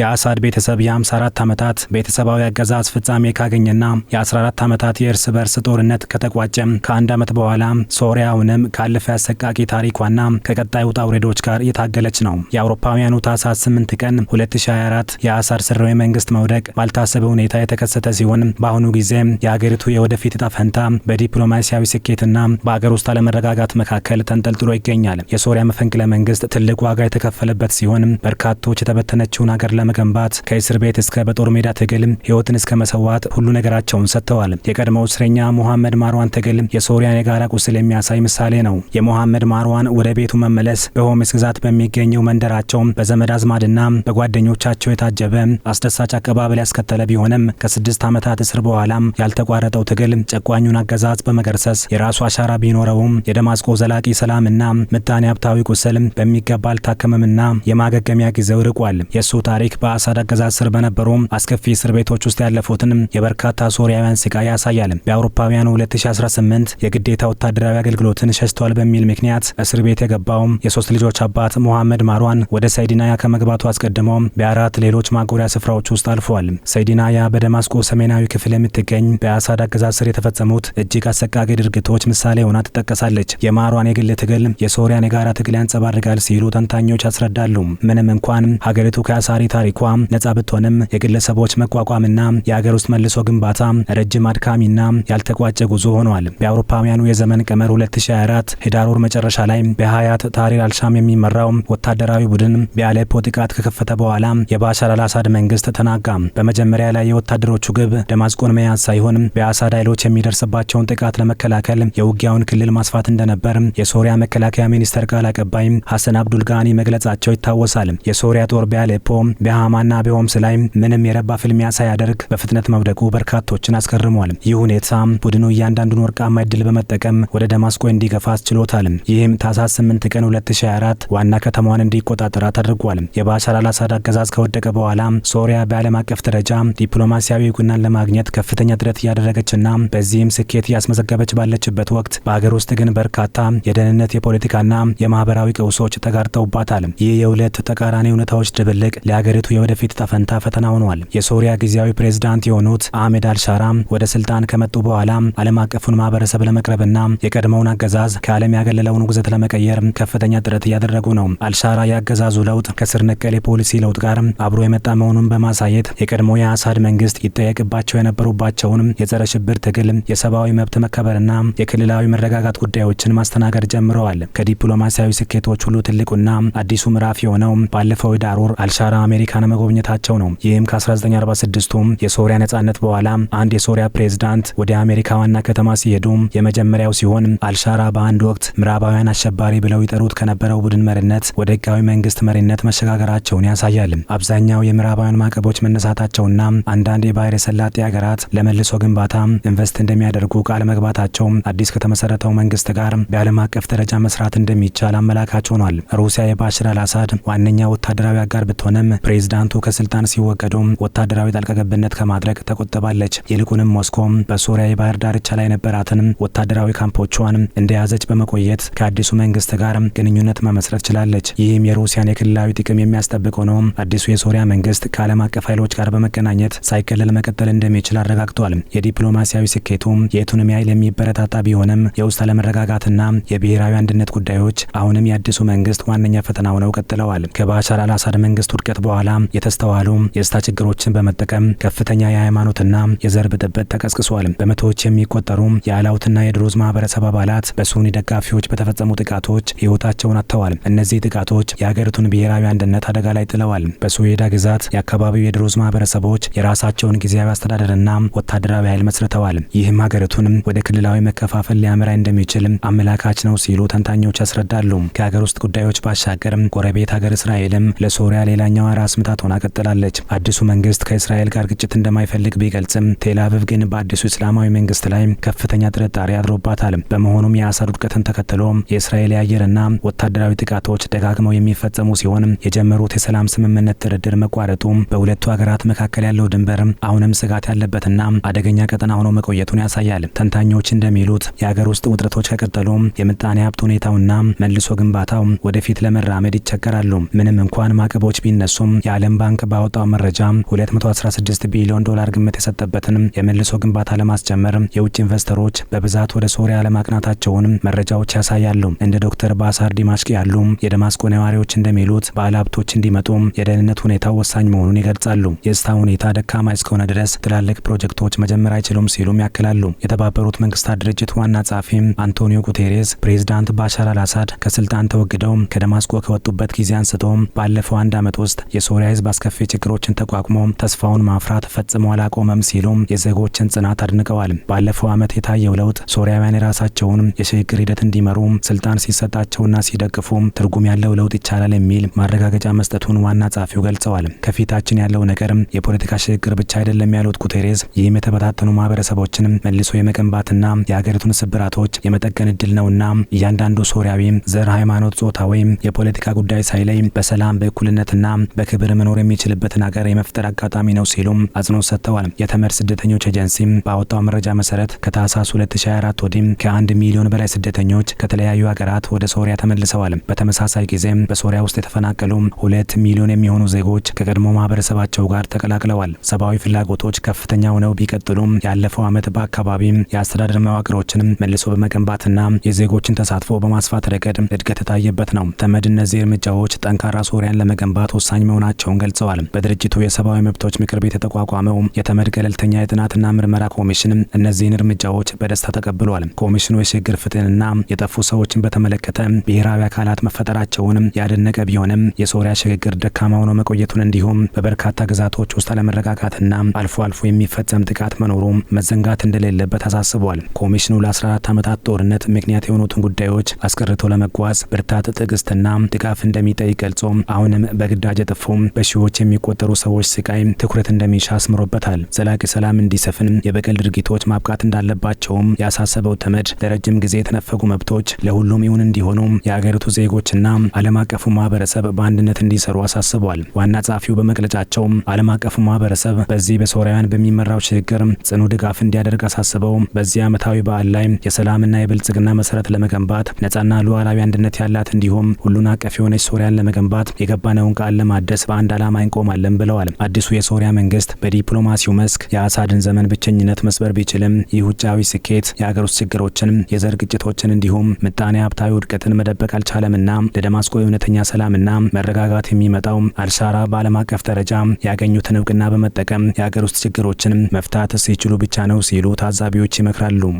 የአሳድ ቤተሰብ የ54 ዓመታት ቤተሰባዊ አገዛዝ ፍጻሜ ካገኘና የ14 ዓመታት የእርስ በርስ ጦርነት ከተቋጨ ከአንድ ዓመት በኋላ ሶሪያውንም ካለፈ አሰቃቂ ታሪኳና ከቀጣይ ውጣ ውረዶች ጋር እየታገለች ነው። የአውሮፓውያኑ ታህሳስ 8 ቀን 2024 የአሳድ ስርወ መንግስት መውደቅ ባልታሰበ ሁኔታ የተከሰተ ሲሆን በአሁኑ ጊዜ የሀገሪቱ የወደፊት እጣ ፈንታ በዲፕሎማሲያዊ ስኬትና በአገር ውስጥ አለመረጋጋት መካከል ተንጠልጥሎ ይገኛል። የሶሪያ መፈንቅለ መንግስት ትልቅ ዋጋ የተከፈለበት ሲሆን በርካቶች የተበተነችውን ሀገር መገንባት ከእስር ቤት እስከ በጦር ሜዳ ትግልም ህይወትን እስከ መሰዋት ሁሉ ነገራቸውን ሰጥተዋል። የቀድሞው እስረኛ ሙሐመድ ማርዋን ትግል የሶሪያን የጋራ ቁስል የሚያሳይ ምሳሌ ነው። የሙሐመድ ማርዋን ወደ ቤቱ መመለስ በሆምስ ግዛት በሚገኘው መንደራቸው በዘመድ አዝማድና በጓደኞቻቸው የታጀበ አስደሳች አቀባበል ያስከተለ ቢሆንም ከስድስት ዓመታት እስር በኋላም ያልተቋረጠው ትግል ጨቋኙን አገዛዝ በመገርሰስ የራሱ አሻራ ቢኖረውም የደማስቆ ዘላቂ ሰላምና ምጣኔ ሀብታዊ ቁስል በሚገባ አልታከመምና የማገገሚያ ጊዜው ርቋል። የእሱ ታሪክ በአሳድ አገዛዝ ስር በነበሩ አስከፊ እስር ቤቶች ውስጥ ያለፉትን የበርካታ ሶሪያውያን ስቃይ ያሳያል። በአውሮፓውያኑ 2018 የግዴታ ወታደራዊ አገልግሎትን ሸሽተዋል በሚል ምክንያት እስር ቤት የገባው የሶስት ልጆች አባት ሞሐመድ ማሯን ወደ ሰይዲናያ ከመግባቱ አስቀድሞ በአራት ሌሎች ማጎሪያ ስፍራዎች ውስጥ አልፈዋል። ሰይዲናያ በደማስቆ ሰሜናዊ ክፍል የምትገኝ በአሳድ አገዛዝ ስር የተፈጸሙት እጅግ አሰቃቂ ድርጊቶች ምሳሌ ሆና ትጠቀሳለች። የማሯን የግል ትግል የሶሪያን የጋራ ትግል ያንጸባርቃል ሲሉ ተንታኞች ያስረዳሉ። ምንም እንኳን ሀገሪቱ ከአሳሪ ታሪኳ ነጻ ብትሆንም የግለሰቦች መቋቋምና የአገር ውስጥ መልሶ ግንባታ ረጅም አድካሚና ያልተቋጨ ጉዞ ሆኗል። በአውሮፓውያኑ የዘመን ቀመር 2024 ህዳር ወር መጨረሻ ላይ በሀያት ታሪር አልሻም የሚመራው ወታደራዊ ቡድን በአሌፖ ጥቃት ከከፈተ በኋላ የባሻር አልአሳድ መንግስት ተናጋ። በመጀመሪያ ላይ የወታደሮቹ ግብ ደማስቆን መያዝ ሳይሆን በአሳድ ኃይሎች የሚደርስባቸውን ጥቃት ለመከላከል የውጊያውን ክልል ማስፋት እንደነበር የሶሪያ መከላከያ ሚኒስቴር ቃል አቀባይ ሐሰን አብዱልጋኒ መግለጻቸው ይታወሳል። የሶሪያ ጦር በአሌፖ በሃማና በሆምስ ላይ ምንም የረባ ፍልሚያ ሳያደርግ በፍጥነት መውደቁ በርካቶችን አስገርሟል። ይህ ሁኔታ ቡድኑ እያንዳንዱን ወርቃማ እድል በመጠቀም ወደ ደማስቆ እንዲገፋ አስችሎታል። ይህም ታህሳስ 8 ቀን 2024 ዋና ከተማዋን እንዲቆጣጠራት ተደርጓል። የባሻር አልአሳድ አገዛዝ ከወደቀ በኋላ ሶሪያ በዓለም አቀፍ ደረጃ ዲፕሎማሲያዊ ጉናን ለማግኘት ከፍተኛ ጥረት እያደረገችና በዚህም ስኬት እያስመዘገበች ባለችበት ወቅት በአገር ውስጥ ግን በርካታ የደህንነት የፖለቲካና የማህበራዊ ቀውሶች ተጋርጠውባታል። ይህ የሁለት ተቃራኒ እውነታዎች ድብልቅ ለሀገር የሀገሪቱ የወደፊት ጠፈንታ ፈተና ሆነዋል። የሶሪያ ጊዜያዊ ፕሬዝዳንት የሆኑት አህሜድ አልሻራ ወደ ስልጣን ከመጡ በኋላ ዓለም አቀፉን ማህበረሰብ ለመቅረብና የቀድሞውን አገዛዝ ከዓለም ያገለለውን ውግዘት ለመቀየር ከፍተኛ ጥረት እያደረጉ ነው። አልሻራ የአገዛዙ ለውጥ ከስር ነቀል የፖሊሲ ለውጥ ጋር አብሮ የመጣ መሆኑን በማሳየት የቀድሞ የአሳድ መንግስት ይጠየቅባቸው የነበሩባቸውን የጸረ ሽብር ትግል፣ የሰብአዊ መብት መከበርና የክልላዊ መረጋጋት ጉዳዮችን ማስተናገድ ጀምረዋል። ከዲፕሎማሲያዊ ስኬቶች ሁሉ ትልቁና አዲሱ ምዕራፍ የሆነው ባለፈው ዳሩር አልሻራ አሜሪካ አሜሪካን መጎብኘታቸው ነው። ይህም ከ1946ቱም የሶሪያ ነጻነት በኋላ አንድ የሶሪያ ፕሬዝዳንት ወደ አሜሪካ ዋና ከተማ ሲሄዱ የመጀመሪያው ሲሆን አልሻራ በአንድ ወቅት ምዕራባውያን አሸባሪ ብለው ይጠሩት ከነበረው ቡድን መሪነት ወደ ህጋዊ መንግስት መሪነት መሸጋገራቸውን ያሳያል። አብዛኛው የምዕራባውያን ማዕቀቦች መነሳታቸውና አንዳንድ የባህር ሰላጤ ሀገራት ለመልሶ ግንባታ ኢንቨስት እንደሚያደርጉ ቃል መግባታቸው አዲስ ከተመሰረተው መንግስት ጋር በዓለም አቀፍ ደረጃ መስራት እንደሚቻል አመላካች ሆኗል። ሩሲያ የባሽር አልአሳድ ዋነኛ ወታደራዊ አጋር ብትሆንም ፕሬዝዳንቱ ከስልጣን ሲወገዱ ወታደራዊ ጣልቃገብነት ከማድረግ ተቆጥባለች። ይልቁንም ሞስኮ በሶሪያ የባህር ዳርቻ ላይ ነበራትን ወታደራዊ ካምፖቿን እንደያዘች በመቆየት ከአዲሱ መንግስት ጋር ግንኙነት መመስረት ችላለች። ይህም የሩሲያን የክልላዊ ጥቅም የሚያስጠብቅ ነው። አዲሱ የሶሪያ መንግስት ከዓለም አቀፍ ኃይሎች ጋር በመገናኘት ሳይገለል መቀጠል እንደሚችል አረጋግጧል። የዲፕሎማሲያዊ ስኬቱ የቱንም ኃይል የሚበረታታ ቢሆንም የውስጥ አለመረጋጋትና የብሔራዊ አንድነት ጉዳዮች አሁንም የአዲሱ መንግስት ዋነኛ ፈተና ሆነው ቀጥለዋል። ከባሻር አልአሳድ መንግስት ውድቀት በኋላ በኋላ የተስተዋሉ የደስታ ችግሮችን በመጠቀም ከፍተኛ የሃይማኖትና የዘር ብጥብጥ ተቀስቅሷል። በመቶዎች የሚቆጠሩ የአላውትና የድሮዝ ማህበረሰብ አባላት በሱኒ ደጋፊዎች በተፈጸሙ ጥቃቶች ህይወታቸውን አጥተዋል። እነዚህ ጥቃቶች የሀገሪቱን ብሔራዊ አንድነት አደጋ ላይ ጥለዋል። በሱዌዳ ግዛት የአካባቢው የድሮዝ ማህበረሰቦች የራሳቸውን ጊዜያዊ አስተዳደርና ወታደራዊ ኃይል መስርተዋል። ይህም ሀገሪቱን ወደ ክልላዊ መከፋፈል ሊያመራ እንደሚችል አመላካች ነው ሲሉ ተንታኞች ያስረዳሉ። ከሀገር ውስጥ ጉዳዮች ባሻገር ጎረቤት ሀገር እስራኤልም ለሶሪያ ሌላኛዋ ራስ ምታት ሆና ቀጥላለች። አዲሱ መንግስት ከእስራኤል ጋር ግጭት እንደማይፈልግ ቢገልጽም ቴል አቪቭ ግን በአዲሱ እስላማዊ መንግስት ላይ ከፍተኛ ጥርጣሬ አድሮባታል። በመሆኑም የአሳድ ውድቀትን ተከትሎ የእስራኤል የአየርና ወታደራዊ ጥቃቶች ደጋግመው የሚፈጸሙ ሲሆን የጀመሩት የሰላም ስምምነት ድርድር መቋረጡ በሁለቱ ሀገራት መካከል ያለው ድንበር አሁንም ስጋት ያለበትና አደገኛ ቀጠና ሆኖ መቆየቱን ያሳያል። ተንታኞች እንደሚሉት የሀገር ውስጥ ውጥረቶች ከቀጠሉ የምጣኔ ሀብት ሁኔታውና መልሶ ግንባታው ወደፊት ለመራመድ ይቸገራሉ። ምንም እንኳን ማዕቀቦች ቢነሱም የዓለም ባንክ ባወጣው መረጃ 216 ቢሊዮን ዶላር ግምት የሰጠበትን የመልሶ ግንባታ ለማስጀመር የውጭ ኢንቨስተሮች በብዛት ወደ ሶሪያ ለማቅናታቸውን መረጃዎች ያሳያሉ። እንደ ዶክተር ባሳር ዲማሽቅ ያሉ የደማስቆ ነዋሪዎች እንደሚሉት ባለ ሀብቶች እንዲመጡ የደህንነት ሁኔታው ወሳኝ መሆኑን ይገልጻሉ። የእስታ ሁኔታ ደካማ እስከሆነ ድረስ ትላልቅ ፕሮጀክቶች መጀመር አይችሉም ሲሉም ያክላሉ። የተባበሩት መንግስታት ድርጅት ዋና ጸሐፊ አንቶኒዮ ጉቴሬስ ፕሬዚዳንት ባሻር አልአሳድ ከስልጣን ተወግደው ከደማስቆ ከወጡበት ጊዜ አንስቶ ባለፈው አንድ ዓመት ውስጥ የሶሪያ ህዝብ አስከፊ ችግሮችን ተቋቁሞ ተስፋውን ማፍራት ፈጽሞ አላቆመም ሲሉ የዜጎችን ጽናት አድንቀዋል። ባለፈው ዓመት የታየው ለውጥ ሶሪያውያን የራሳቸውን የሽግግር ሂደት እንዲመሩ ስልጣን ሲሰጣቸውና ሲደግፉ ትርጉም ያለው ለውጥ ይቻላል የሚል ማረጋገጫ መስጠቱን ዋና ጸሐፊው ገልጸዋል። ከፊታችን ያለው ነገር የፖለቲካ ሽግግር ብቻ አይደለም ያሉት ጉቴሬዝ፣ ይህም የተበታተኑ ማህበረሰቦችን መልሶ የመገንባትና የአገሪቱን ስብራቶች የመጠገን እድል ነውና እያንዳንዱ ሶሪያዊ ዘር፣ ሃይማኖት፣ ጾታ ወይም የፖለቲካ ጉዳይ ሳይለይ በሰላም በእኩልነትና በክ ክብር መኖር የሚችልበትን ሀገር የመፍጠር አጋጣሚ ነው ሲሉም አጽንኦት ሰጥተዋል። የተመድ ስደተኞች ኤጀንሲም ባወጣው መረጃ መሰረት ከታህሳስ 2024 ወዲህም ከአንድ ሚሊዮን በላይ ስደተኞች ከተለያዩ ሀገራት ወደ ሶሪያ ተመልሰዋል። በተመሳሳይ ጊዜም በሶሪያ ውስጥ የተፈናቀሉ ሁለት ሚሊዮን የሚሆኑ ዜጎች ከቀድሞ ማህበረሰባቸው ጋር ተቀላቅለዋል። ሰብአዊ ፍላጎቶች ከፍተኛ ሆነው ቢቀጥሉም ያለፈው ዓመት በአካባቢም የአስተዳደር መዋቅሮችንም መልሶ በመገንባትና የዜጎችን ተሳትፎ በማስፋት ረገድ እድገት የታየበት ነው። ተመድ እነዚህ እርምጃዎች ጠንካራ ሶሪያን ለመገንባት ወሳኝ መሆናል መሆናቸውን ገልጸዋል። በድርጅቱ የሰብአዊ መብቶች ምክር ቤት የተቋቋመው የተመድ ገለልተኛ የጥናትና ምርመራ ኮሚሽንም እነዚህን እርምጃዎች በደስታ ተቀብሏል። ኮሚሽኑ የሽግግር ፍትህንና የጠፉ ሰዎችን በተመለከተ ብሔራዊ አካላት መፈጠራቸውንም ያደነቀ ቢሆንም የሶሪያ ሽግግር ደካማ ሆኖ መቆየቱን እንዲሁም በበርካታ ግዛቶች ውስጥ አለመረጋጋትና አልፎ አልፎ የሚፈጸም ጥቃት መኖሩ መዘንጋት እንደሌለበት አሳስቧል። ኮሚሽኑ ለ14 ዓመታት ጦርነት ምክንያት የሆኑትን ጉዳዮች አስቀርቶ ለመጓዝ ብርታት፣ ትዕግስትና ድጋፍ እንደሚጠይቅ ገልጾ አሁንም በግዳጅ የጠፉ በሺዎች የሚቆጠሩ ሰዎች ስቃይ ትኩረት እንደሚሻ አስምሮበታል። ዘላቂ ሰላም እንዲሰፍን የበቀል ድርጊቶች ማብቃት እንዳለባቸውም ያሳሰበው ተመድ ለረጅም ጊዜ የተነፈጉ መብቶች ለሁሉም ይሁን እንዲሆኑ የአገሪቱ ዜጎችና ዓለም አቀፉ ማህበረሰብ በአንድነት እንዲሰሩ አሳስቧል። ዋና ጸሐፊው በመግለጫቸው ዓለም አቀፉ ማህበረሰብ በዚህ በሶሪያውያን በሚመራው ሽግግር ጽኑ ድጋፍ እንዲያደርግ አሳስበው በዚህ ዓመታዊ በዓል ላይ የሰላምና የብልጽግና መሰረት ለመገንባት ነጻና ሉዓላዊ አንድነት ያላት እንዲሁም ሁሉን አቀፍ የሆነች ሶሪያን ለመገንባት የገባነውን ቃል ለማደስ በአንድ ዓላማ እንቆማለን ብለዋል። አዲሱ የሶሪያ መንግስት በዲፕሎማሲው መስክ የአሳድን ዘመን ብቸኝነት መስበር ቢችልም ይህ ውጫዊ ስኬት የሀገር ውስጥ ችግሮችን፣ የዘር ግጭቶችን እንዲሁም ምጣኔ ሀብታዊ ውድቀትን መደበቅ አልቻለምና ለደማስቆ የእውነተኛ ሰላምና መረጋጋት የሚመጣው አልሻራ በዓለም አቀፍ ደረጃ ያገኙትን እውቅና በመጠቀም የሀገር ውስጥ ችግሮችን መፍታት ሲችሉ ብቻ ነው ሲሉ ታዛቢዎች ይመክራሉ።